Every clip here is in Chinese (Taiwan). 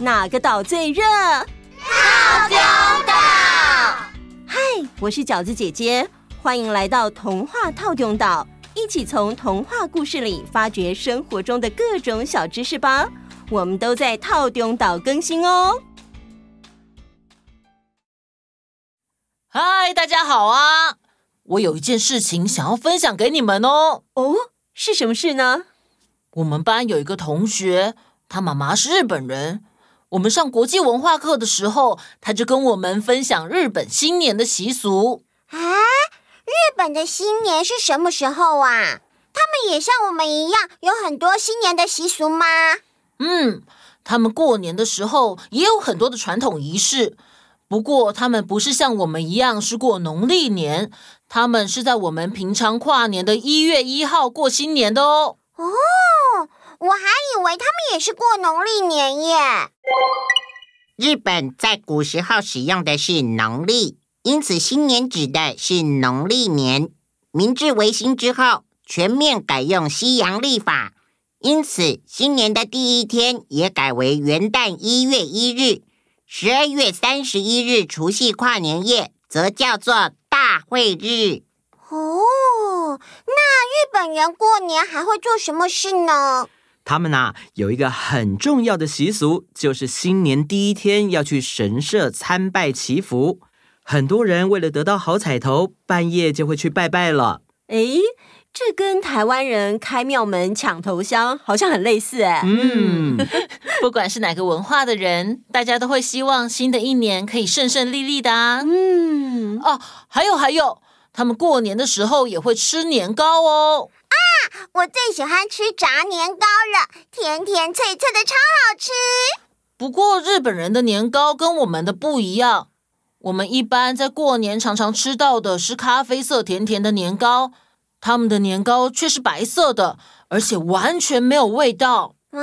哪個島最熱？套丁島。嗨，我是餃子姐姐，歡迎來到童話套丁島，一起從童話故事裡發掘生活中的各種小知識吧。我們都在套丁島更新哦。嗨，大家好啊！我有一件事情想要分享給你們哦。哦，是什麼事呢？我們班有一個同學，他媽媽是日本人。我們上國際文化課的時候，他就跟我們分享日本新年的習俗。啊，日本的新年是什麼時候啊？他們也像我們一樣有很多新年的習俗嗎？嗯，他們過年的時候也有很多的傳統儀式，不過他們不是像我們一樣是過農曆年，他們是在我們平常跨年的一月一號過新年的哦。哦。我還以為他們也是過農曆年耶。日本在古時候使用的是農曆，因此新年指的是農曆年。明治維新之後，全面改用西洋曆法，因此新年的第一天也改為元旦一月一日。十二月三十一日除夕跨年夜則叫做大晦日。哦，那日本人過年還會做什麼事呢？他們吶、啊、有一個很重要的習俗，就是新年第一天要去神社參拜祈福。很多人為了得到好彩頭，半夜就會去拜拜了。哎，這跟台灣人開廟門搶頭香好像很類似誒。嗯， 不管是哪個文化的人，大家都會希望新的一年可以順順利利的、啊。嗯，哦，還有還有。他們過年的時候也會吃年糕哦。啊，我最喜歡吃炸年糕了，甜甜脆脆的，超好吃。不過日本人的年糕跟我們的不一樣，我們一般在過年常常吃到的是咖啡色、甜甜的年糕，他們的年糕卻是白色的，而且完全沒有味道。哇，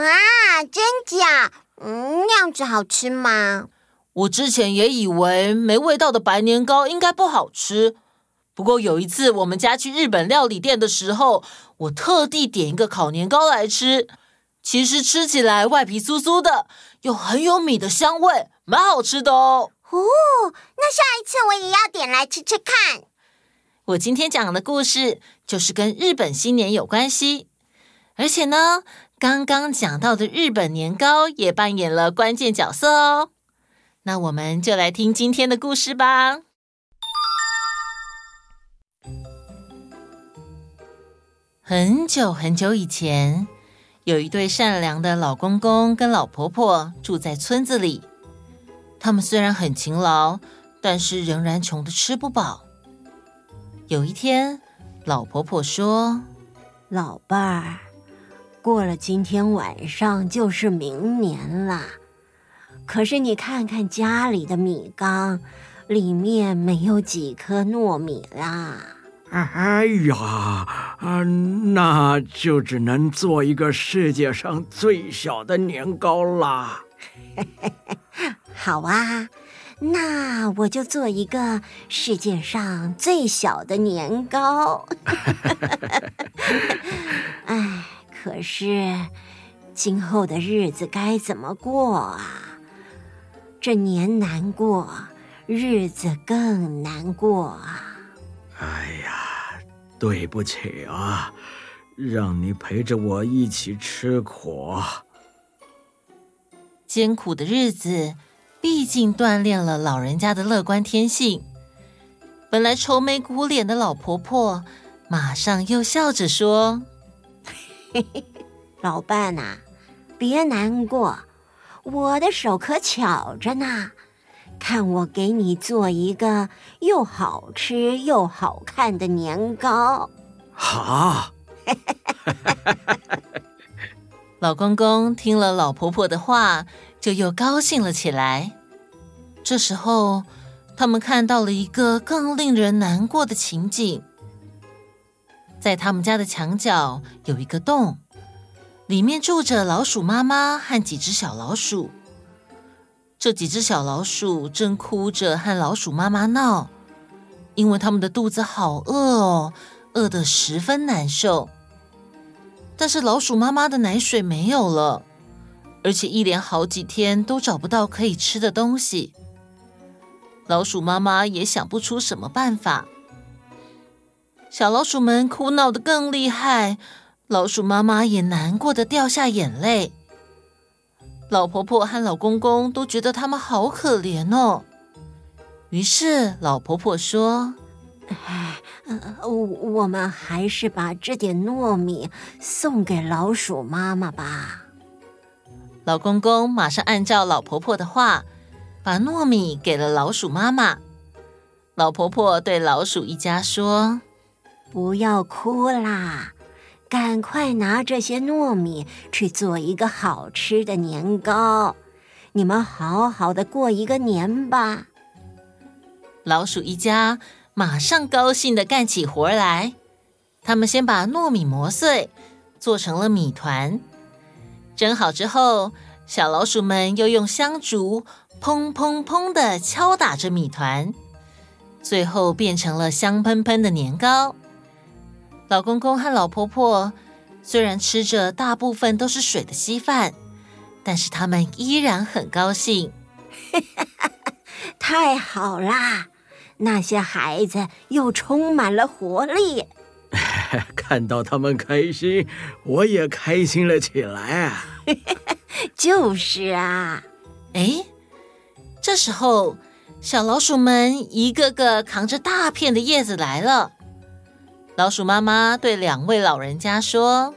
真假？嗯，那樣子好吃嗎？我之前也以為沒味道的白年糕應該不好吃。不過有一次，我們家去日本料理店的時候，我特地點一個烤年糕來吃。其實吃起來外皮酥酥的，又很有米的香味，蠻好吃的哦。哦，那下一次我也要點來吃吃看。我今天講的故事就是跟日本新年有關係，而且呢，剛剛講到的日本年糕也扮演了關鍵角色哦。那我們就來聽今天的故事吧。很久很久以前，有一對善良的老公公跟老婆婆住在村子裡。他們雖然很勤勞，但是仍然窮得吃不飽。有一天，老婆婆說：“老伴兒，過了今天晚上就是明年了。可是你看看家裡的米缸，裡面沒有幾顆糯米啦。”哎呀，嗯，那就只能做一個世界上最小的年糕啦。 好啊，那我就做一個世界上最小的年糕。哎， 可是今後的日子該怎麼過啊？這年難過，日子更難過啊。哎呀，對不起啊，讓你陪着我一起吃苦。艱苦的日子，畢竟鍛鍊了老人家的樂觀天性。本來愁眉苦臉的老婆婆，馬上又笑着說：“嘿嘿，老伴吶，別難過，我的手可巧着呢。”看我給你做一個又好吃又好看的年糕！好，老公公聽了老婆婆的話，就又高興了起來。這時候，他們看到了一個更令人難過的情景。在他們家的牆角有一個洞，裡面住着老鼠媽媽和幾隻小老鼠。這幾隻小老鼠正哭着和老鼠媽媽鬧，因為他們的肚子好餓哦，餓得十分難受。但是老鼠媽媽的奶水沒有了，而且一連好幾天都找不到可以吃的東西。老鼠媽媽也想不出什麼辦法。小老鼠們哭鬧得更厲害，老鼠媽媽也難過的掉下眼淚。老婆婆和老公公都覺得他們好可憐哦，於是老婆婆說：“唉，我們還是把這點糯米送給老鼠媽媽吧。”老公公馬上按照老婆婆的話，把糯米給了老鼠媽媽。老婆婆對老鼠一家說：“不要哭啦。”趕快拿這些糯米去做一個好吃的年糕，你們好好的過一個年吧。老鼠一家馬上高興的幹起活來，他們先把糯米磨碎，做成了米糰。蒸好之後，小老鼠們又用香燭砰砰砰的敲打着米糰，最後變成了香噴噴的年糕。老公公和老婆婆雖然吃着大部分都是水的稀飯，但是他們依然很高興。 太好啦！那些孩子又充滿了活力。 看到他們開心，我也開心了起來啊！ 就是啊。哎，這時候，小老鼠們一個個扛着大片的葉子來了。老鼠媽媽對兩位老人家說：“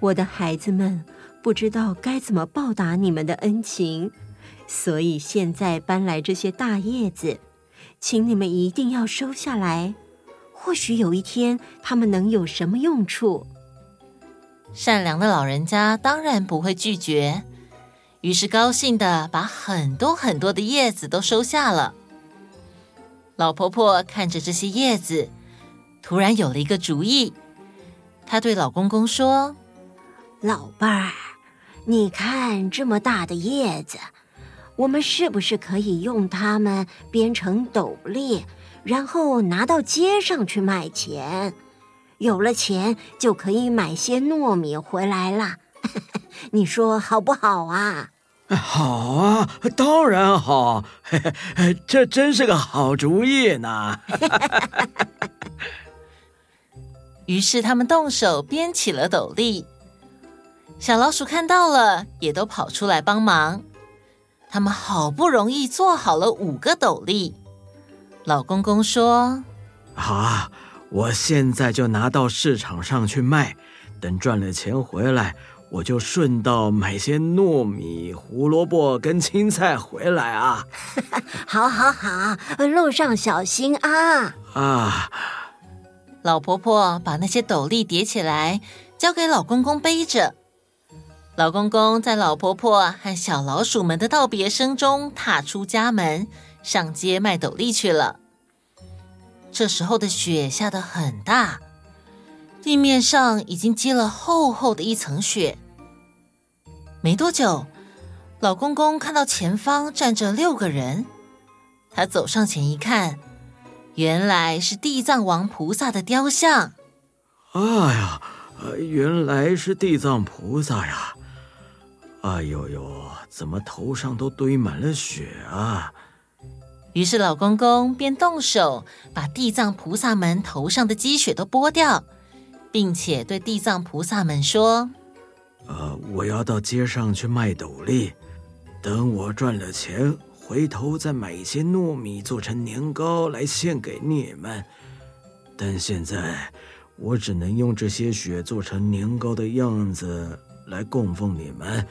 我的孩子們不知道該怎麼報答你們的恩情，所以現在搬來這些大葉子，請你們一定要收下來。或許有一天，他們能有什麼用處？”善良的老人家當然不會拒絕，於是高興地把很多很多的葉子都收下了。老婆婆看着這些葉子。突然有了一個主意，他對老公公說：“老伴兒，你看這麼大的葉子，我們是不是可以用它們編成斗笠，然後拿到街上去賣錢？有了錢就可以買些糯米回來了。 你說好不好啊？”“好啊，當然好， 這真是個好主意呢。 ”於是他們動手編起了斗笠，小老鼠看到了，也都跑出來幫忙。他們好不容易做好了五個斗笠。老公公說：“好啊，我現在就拿到市場上去賣，等賺了錢回來，我就順道買些糯米、胡蘿蔔跟青菜回來啊。”“ 好好好，路上小心啊！”“啊。”老婆婆把那些斗笠疊起來，交給老公公背着。老公公在老婆婆和小老鼠們的道別聲中，踏出家門，上街賣斗笠去了。這時候的雪下得很大，地面上已經積了厚厚的一層雪。沒多久，老公公看到前方站着六個人，他走上前一看，原來是地藏王菩薩的雕像。哎呀、呃，原來是地藏菩薩呀！哎呦呦，怎麼頭上都堆滿了雪啊？於是老公公便動手把地藏菩薩們頭上的積雪都剝掉，並且對地藏菩薩們說：“呃，我要到街上去賣斗笠，等我賺了錢。”回頭再買一些糯米做成年糕來獻給你們，但現在我只能用這些雪做成年糕的樣子來供奉你們，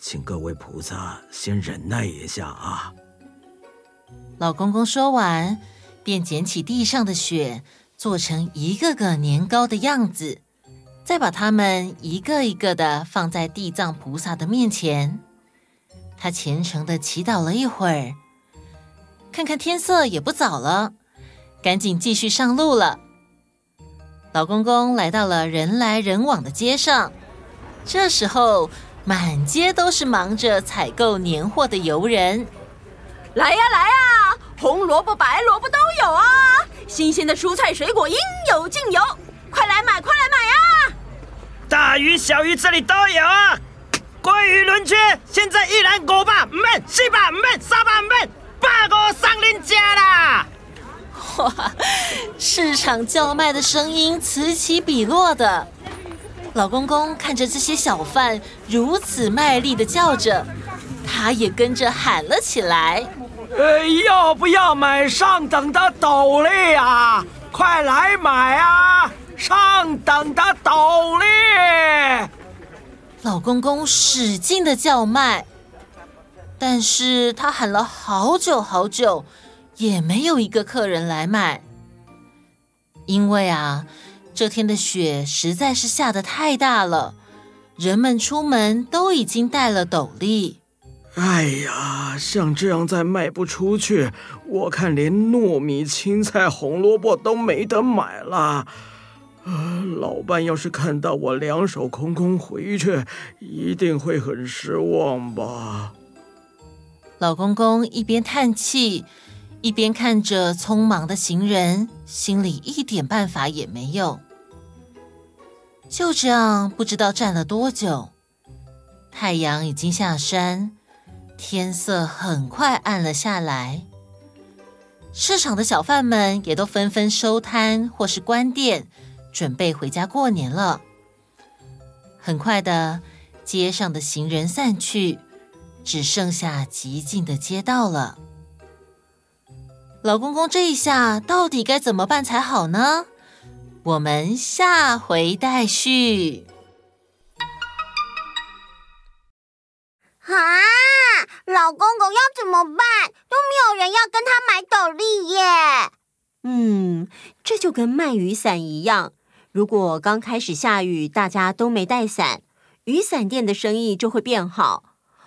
請各位菩薩先忍耐一下啊！老公公說完，便撿起地上的雪，做成一個個年糕的樣子，再把它們一個一個地放在地藏菩薩的面前。他虔誠的祈禱了一會兒，看看天色也不早了，趕緊繼續上路了。老公公來到了人來人往的街上，這時候滿街都是忙着採購年貨的遊人。來呀來呀，紅蘿蔔、白蘿蔔都有啊，新鮮的蔬菜水果應有盡有，快來買快來買啊！大魚小魚這裡都有啊！關於輪圈，現在依然狗爆，悶是吧？悶撒吧，悶八個上林家啦！哇！市場叫賣的聲音此起彼落的，老公公看着這些小販如此賣力的叫着，他也跟着喊了起來：“呃，要不要買上等的斗笠啊？快來買啊！上等的斗笠！”老公公使勁的叫賣，但是他喊了好久好久，也沒有一個客人來買。因為啊，這天的雪實在是下得太大了，人們出門都已經戴了斗笠。哎呀，像這樣再賣不出去，我看連糯米、青菜、紅蘿蔔都沒得買了。老伴要是看到我兩手空空回去，一定會很失望吧。老公公一邊嘆氣，一邊看着匆忙的行人，心裡一點辦法也沒有。就這樣，不知道站了多久，太陽已經下山，天色很快暗了下來。市場的小販們也都紛紛收攤或是關店。準備回家過年了。很快的，街上的行人散去，只剩下寂靜的街道了。老公公，這一下到底該怎麼辦才好呢？我們下回待續。啊，老公公要怎麼辦？都沒有人要跟他買斗笠耶。嗯，這就跟賣雨傘一樣。如果剛開始下雨，大家都沒帶傘，雨傘店的生意就會變好。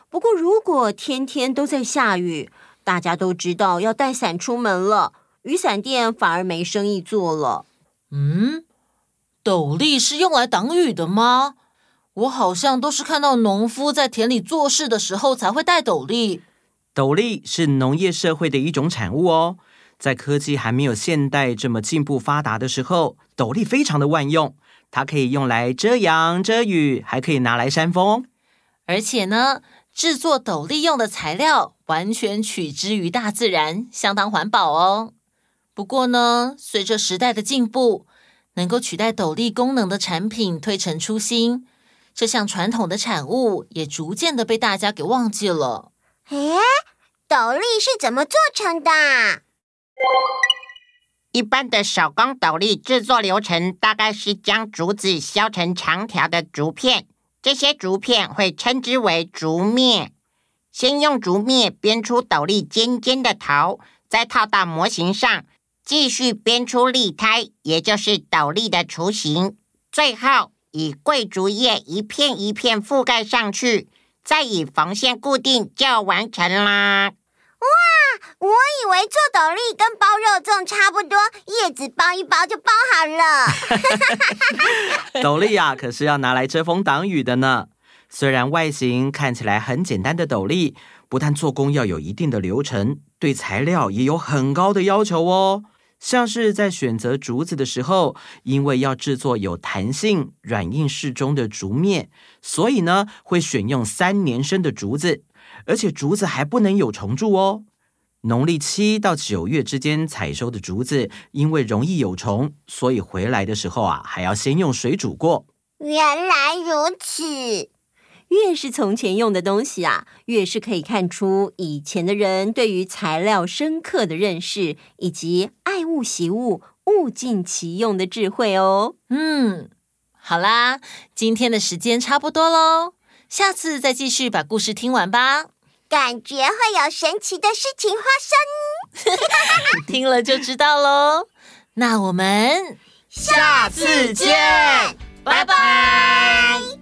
不過，如果天天都在下雨，大家都知道要帶傘出門了，雨傘店反而沒生意做了。嗯，斗笠是用來擋雨的嗎？我好像都是看到農夫在田裡做事的時候才會帶斗笠。斗笠是農業社會的一種產物哦。在科技還沒有現代這麼進步發達的時候，斗笠非常的萬用，它可以用來遮陽、遮雨，還可以拿來扇風。而且呢，製作斗笠用的材料完全取之於大自然，相當環保哦。不過呢，隨着時代的進步，能夠取代斗笠功能的產品推陳出新，這項傳統的產物也逐漸的被大家給忘記了。誒，斗笠是怎麼做成的？一般的手工斗笠製作流程，大概是將竹子削成長條的竹片，這些竹片會稱之為竹篾，先用竹篾編出斗笠尖尖的頭，再套到模型上，繼續編出笠胎，也就是斗笠的雛形。最後以桂竹葉一片一片覆蓋上去，再以縫線固定，就完成啦。我以為做斗笠跟包肉粽差不多，葉子包一包就包好了。 斗笠啊，可是要拿來遮風擋雨的呢。雖然外形看起來很簡單的斗笠，不但做工要有一定的流程，對材料也有很高的要求哦。像是在選擇竹子的時候，因為要制作有彈性、軟硬適中的竹篾，所以呢，會選用三年生的竹子，而且竹子還不能有蟲蛀哦。農曆七到九月之間採收的竹子，因為容易有蟲，所以回來的時候啊，還要先用水煮過。原來如此，越是從前用的東西啊，越是可以看出以前的人對於材料深刻的認識，以及愛物惜物、物盡其用的智慧哦。嗯，好啦，今天的時間差不多嘍，下次再繼續把故事聽完吧。感覺會有神奇的事情發生， 聽了就知道嘍。那我們下次見，下次見，拜拜。拜拜。